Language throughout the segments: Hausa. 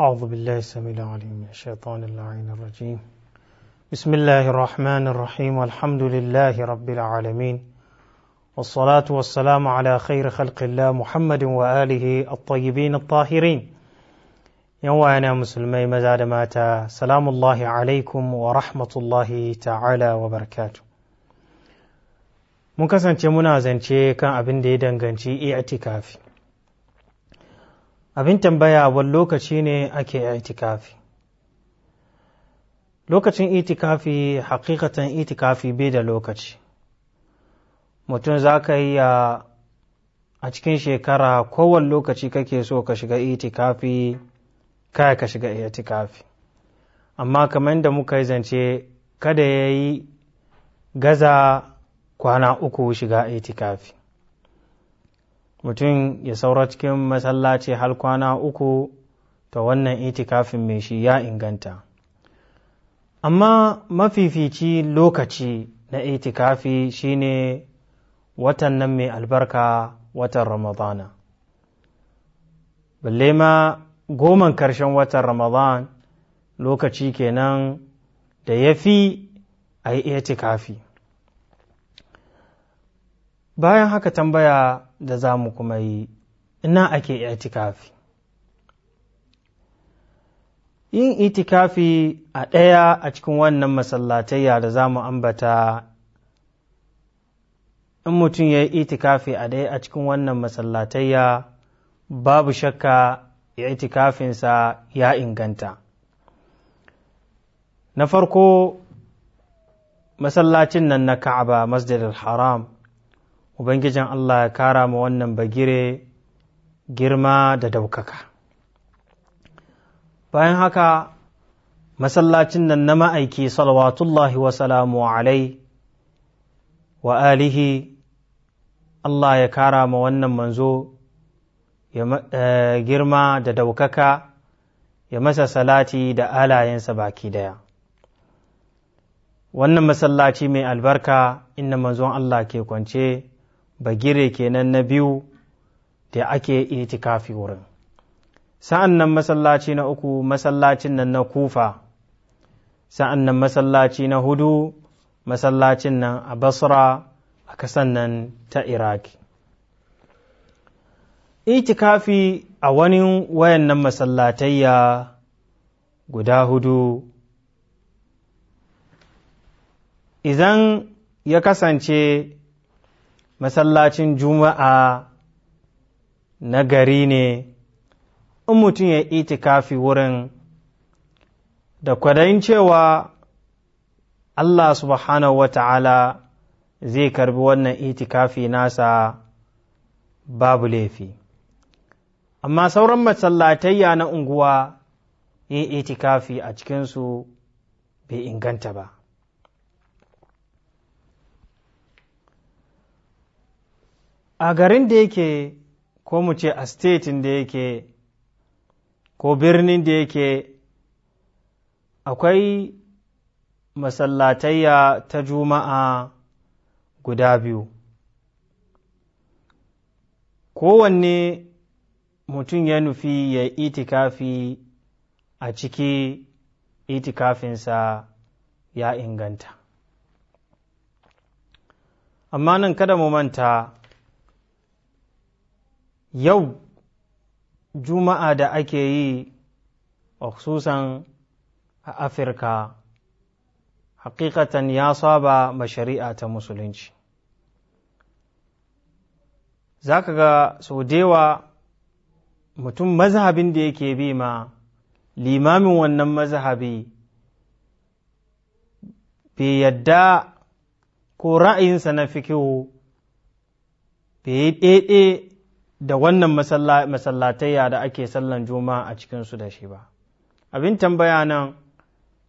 أعوذ بالله السميع العليم من الشيطان اللعين الرجيم بسم الله الرحمن الرحيم والحمد لله رب العالمين والصلاة والسلام على خير خلق الله محمد وآله الطيبين الطاهرين أنا مسلمي مزاد ماتا سلام الله عليكم ورحمة الله تعالى وبركاته mun kasance muna zance kan abin da ya danganci abin tambaya wani lokaci ne ake itikafi lokacin itikafi hakikatan itikafi bai da lokaci mutum za ka yi a cikin shekara kowane lokaci kake so ka shiga itikafi kaya ka shiga itikafi amma kamar da muka yi zance kada ya yi gaza kwana uku shiga itikafi mutum ya saura cikin masallaci har kwana uku ta wannan itikafin mai shi ya inganta amma mafifici lokaci na itikafi shine watan nan mai albarka watan ramadana balle ma goman karshen watan ramadan lokaci kenan da ya fi a yi itikafi bayan haka tambaya da za mu kuma yi ina ake itikafi yin itikafi a ɗaya a cikin wannan masallatayya da za mu ambata in mutum ya yi itikafi a ɗaya a cikin wannan masallatayya babu shakka ya itikafinsa ya inganta na farko masallacin nan na ka'aba masjidil haram ubangijin allah ya kara ma wannan bagire girma da daukaka bayan haka masallacin nan na ma'aiki salawatullahi wa salamu alai wa alihi Allah ya kara ma wannan manzo eh, girma da daukaka ya masa salati da alayensa baki daya wannan masallaci mai albarka inda manzon Allah ke kwance bagire kenan na biyu da ake itikafi wurin sa'an nan masallaci na uku masallacin nan na kufa sa'an nan masallaci na hudu masallacin nan a basra a kasan nan ta iraki itikafi a wani wayan nan masallatayya guda hudu idan ya kasance masallacin juma'a na gari ne in mutum ya itikafi wurin da kwadayin cewa Allah subhanahu wa ta'ala zai karbi wannan itikafi nasa babu laifi amma sauran masallatayya na unguwa yin itikafi a cikinsu bai inganta ba a garin da yake ko mu ce a statin da yake ko birnin da yake akwai masallatayya ta juma'a guda biyu kowanne mutum ya nufi ya itikafi a ciki itikafinsa ya inganta amma nan kada mu manta yau juma'a da ake yi khususan a afirka hakikatan ya saba ma shari'a ta musulunci za ka ga sau dewa mutum mazhabin da yake bi ma limamin wannan mazhabi bai yadda ko ra'ayinsa na fikihu bai yi ɗaiɗe da wannan masallatayya da ake sallan juma'a a cikinsu da shi ba abin tambaya nan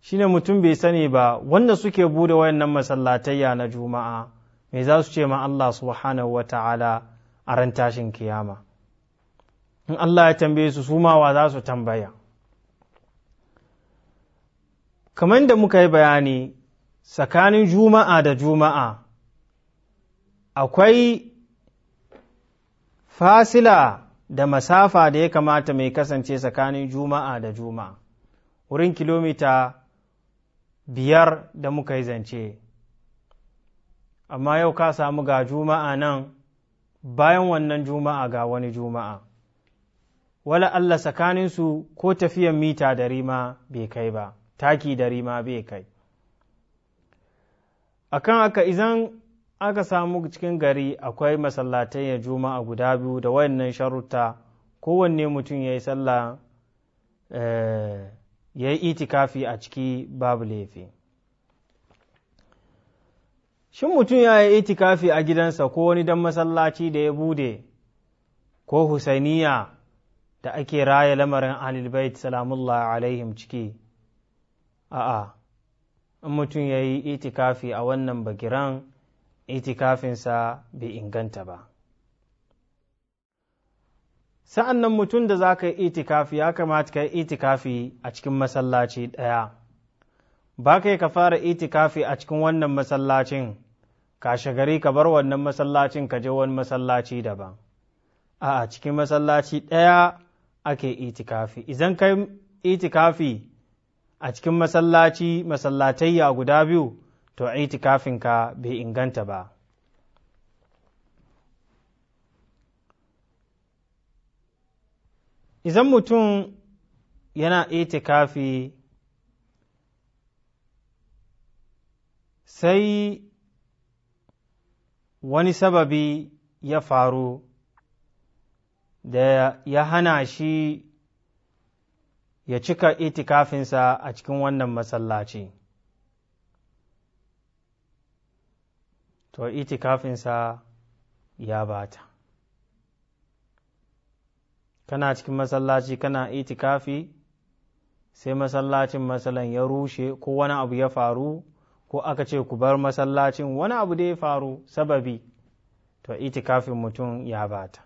shi ne mutum bai sani ba wanda suke bude wayannan masallatayya na juma'a mai za su ce ma Allah subhanahu wa ta'ala a ran tashin kiyama in Allah ya tambaye su Sumawa za su tambaya kamar da muka yi bayani tsakanin juma'a da juma'a akwai fasila da masafa da ya kamata mai kasance tsakanin juma'a da juma'a wurin kilomita biyar da muka yi zance amma yau ka samu ga juma'a nan bayan wannan juma'a ga wani juma'a wala Allah tsakaninsu ko tafiyan mita da rima bai kai ba taki da rima bai kai akan aka izan aka samu cikin gari akwai masallatai ya juma'a guda biyu da wayannan sharuta kowanne mutum ya yi sallah eh, ya yi itikafi a ciki babu laifi shin mutum ya yi itikafi a gidansa ko wani dan masallaci da ya bude ko husainiya da ake raya lamarin alilbait salamullahi alaihim ciki a'a in mutum ya yi itikafi a wannan bagiran itikafinsa bai inganta ba sa'an nan mutum da za ka yi itikafi ya kamata ka yi itikafi a cikin masallaci ɗaya ba kai ka fara itikafi a cikin wannan masallacin kashe gari ka bar wannan masallacin ka je wani masallaci daban a a cikin masallaci ɗaya ake itikafi Izan ka yi itikafi a cikin masallaci masallatayya guda biyu to ka bai inganta ba idan mutum yana itikafi sai wani sababi ya faru da ya hana shi ya cika itikafinsa a cikin wannan masallaci to itikafinsa ya bata kana cikin masallaci kana itikafi sai masallacin masalan ya rushe ko wani abu ya faru ko aka ce ku bar masallacin wani abu da ya faru sababi to itikafin mutum ya bata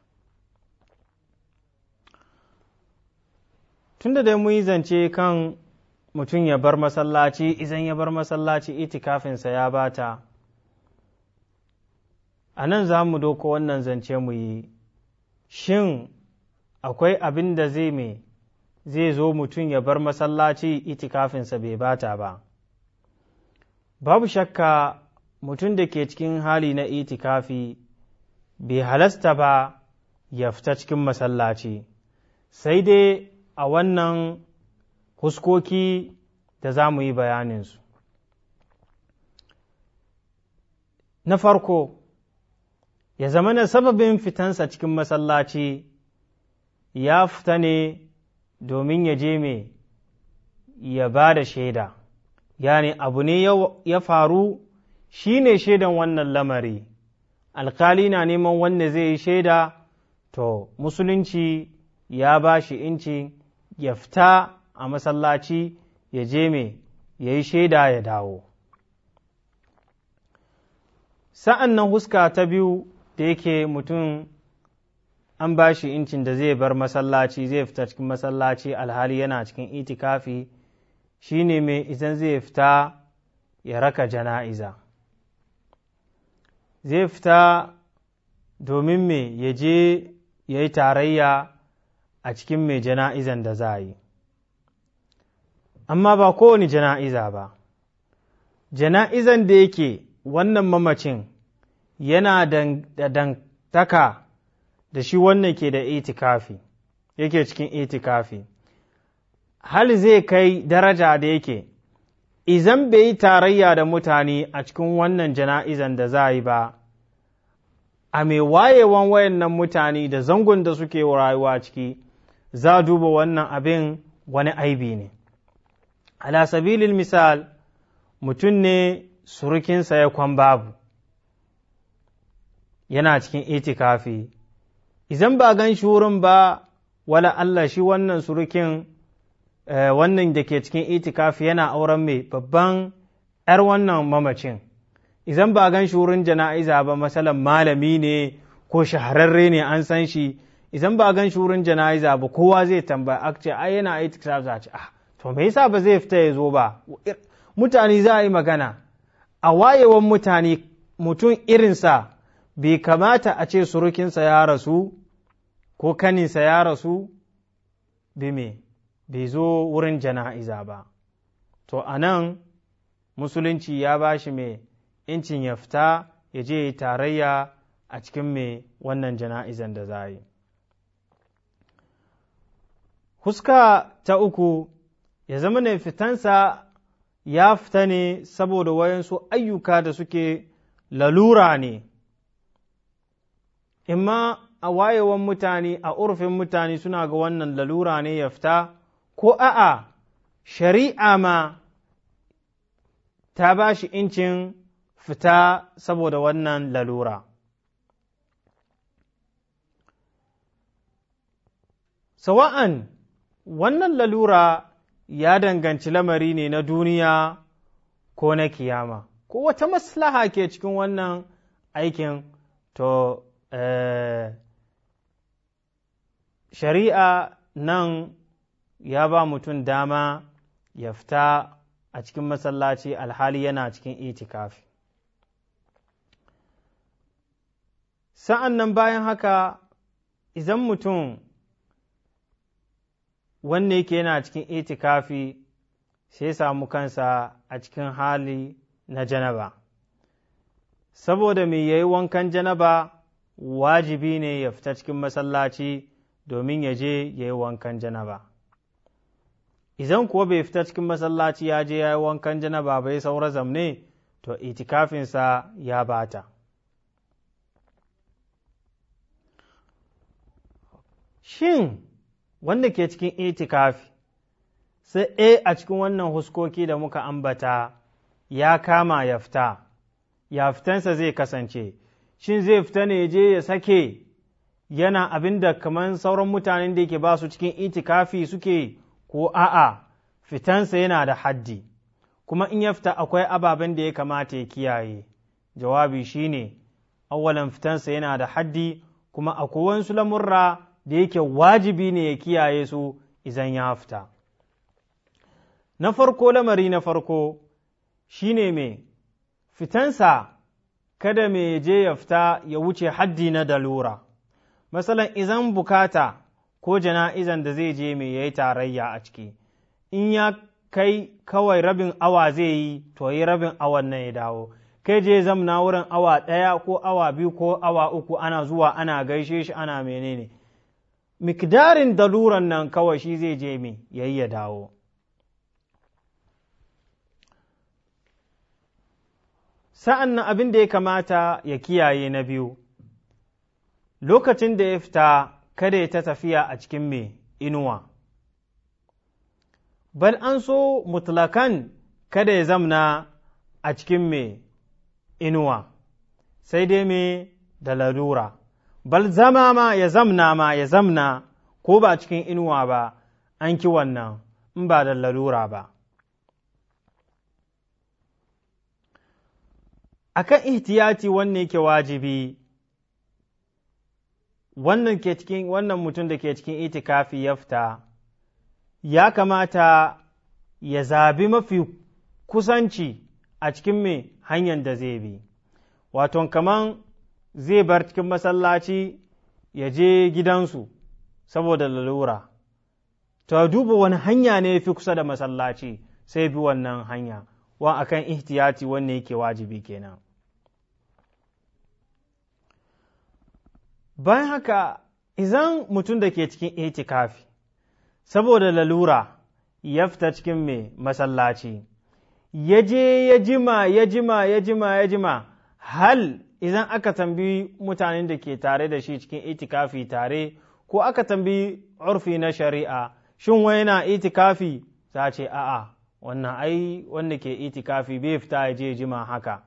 tunda dai yi zance kan mutum ya bar masallaci izan ya bar masallaci itikafinsa ya bata a nan za mu doko wannan zance mu yi shin akwai abin da zai mai zai zo mutum ya bar masallaci itikafinsa bai bata ba babu shakka mutum da ke cikin hali na itikafi bai halasta ba ya fita cikin masallaci sai dai a wannan huskoki da za mu yi bayaninsu na farko ya zama na sababin fitansa cikin masallaci ya fita ne domin ya je me ya ba da shaida yani abu ne ya faru shi ne shaidan wannan lamari alkali na neman wanda zai yi shaida to musulunci ya ba shi inci ya fita a masallaci ya je me ya yi shaida ya dawo sa'an nan huska ta biyu da yake mutum an ba shi incin da zai bar masallaci zai fita cikin masallaci alhali yana cikin itikafi shi ne mai idan zai fita ya raka jana'iza zai fita domin me ya je ya yi tarayya a cikin mai jana'izan da za a yi amma ba kowane jana'iza ba jana'izan da yake wannan mamacin yana da dantaka da shi wannan ke da itikafi yake cikin itikafi hal zai kai daraja da yake izan bai yi tarayya da mutane a cikin wannan jana'izan da za yi ba a mai wayewan wayannan mutane da zangon da suke rayuwa ciki za duba wannan abin wani aibi ne ala sabilil misal mutum ne surukinsa ya kwan babu yana cikin itikafi idan ba gan shi wurin ba wala Allah shi wannan surukin eh, wannan da ke cikin itikafi yana auren mai babban ‘yar wannan mamacin idan ba gan shi wurin jana'iza ba masalan malami ne ko shahararre ne an san shi idan ba gan shi wurin jana'iza ba kowa zai tambaya a ce ai yana itikafi za a ce ah to me yasa ba zai fita ya zo ba mutane za a yi magana a wayewan mutane mutum irinsa bai kamata a ce surukinsa ya rasu ko kaninsa ya rasu bi me bai zo wurin jana'iza ba to a nan musulunci ya ba shi mai incin ya fita ya je tarayya a cikin mai wannan jana'izan da za yi huska ta uku ya zama ne fitansa ya fita ne saboda wayansu ayyuka da suke lalura ne imma a wayewan mutane a urfin mutane suna ga wannan lalura ne ya fita ko a'a shari'a ma ta ba shi incin fita saboda wannan lalura sawa'an wannan lalura ya danganci lamari ne na duniya ko na kiyama ko wata maslaha ke cikin wannan aikin to Eh, shari'a nan ya ba mutum dama ya fita a cikin masallaci alhali yana cikin itikafi sa'an nan bayan haka idan mutum wanne yake yana cikin itikafi sai samu kansa a cikin hali na janaba saboda mai yayi wankan janaba wajibi ne ya fita cikin masallaci domin ya je ya yi wankan janaba Izan kuwa bai fita cikin masallaci ya je ya yi wankan janaba bai saura zamne to itikafinsa ya bata shin wanda ke cikin itikafi sai e a cikin wannan huskoki da muka ambata ya kama ya fita ya fitansa zai kasance shin zai fita ne je ya sake yana abin da kamar sauran mutanen da yake ba su cikin itikafi suke ko a'a fitansa yana da haddi kuma in ya fita akwai ababen da ya kamata ya kiyaye jawabi shine awalan fitansa yana da haddi kuma akwai wasu lamurra da yake wajibi ne ya kiyaye su izan ya fita na farko lamari na farko shine mai fitansa kada mai je ya fita ya wuce haddi na dalura masalan izan bukata ko jana'izan da zai je mai yayi tarayya a ciki in ya kai kawai rabin awa zai yi to yi rabin awan nan ya dawo kai je zamna wurin awa ɗaya ko awa biyu ko awa uku ana zuwa ana gaishe shi ana menene mikdarin daluran nan kawai shi zai je mai yayi ya dawo sa'an nan abin da ya kamata ya kiyaye na biyu, lokacin da ya fita kada ya ta tafiya a cikin mai inuwa, bal an so mutlakan kada ya zamna a cikin mai inuwa, sai dai mai da larura bal zama ma ya zamna ma ya zamna ko ba cikin inuwa ba, an ki wannan in ba da larura ba. akan ihtiyati wanne yake wajibi wannan ke cikin wannan mutum da ke cikin itikafi ya fita ya kamata ya zabi mafi kusanci a cikin mai hanyar da zai bi wato kaman zai bar cikin masallaci ya je gidansu saboda lalura ta duba wani hanya ne fi kusa da masallaci sai bi wannan hanya wa akan ihtiyati wanne yake wajibi kenan bayan haka izan mutum da ke cikin itikafi saboda lalura ya fita cikin mai masallaci ya je ya jima ya jima ya jima ya jima hal izan aka tambayi mutanen da ke tare da shi cikin itikafi tare ko aka tambayi urfi na shari'a shin wai na itikafi za ce a'a wannan ai wanda ke itikafi bai fita ya je jima haka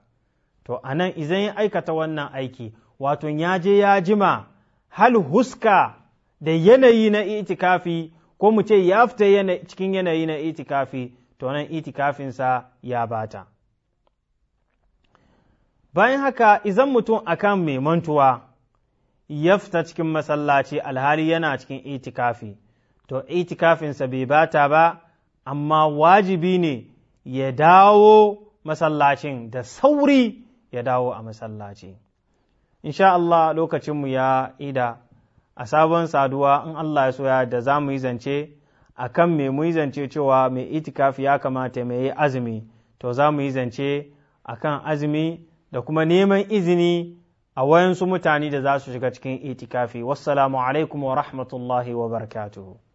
to anan izan ya aikata wannan aiki wato ya je ya jima hal huska da yanayi na itikafi ko mu ce ya fita cikin yanayi na itikafi to nan itikafinsa ya bata bayan haka izan mutum akan mai mantuwa ya fita cikin masallaci alhali yana cikin itikafi to itikafinsa bai bata ba amma wajibi ne ya dawo masallacin da sauri ya dawo a masallaci in insha Allah lokacinmu ya ida a sabon saduwa in Allah ya soya da za mu yi zance a kan me mu yi zance cewa mai itikafi ya kamata mai yi azumi to za mu yi zance a kan azumi da kuma neman izini a wayansu mutane da za su shiga cikin itikafi wassalamu alaikum wa rahmatullahi wa barakatuhu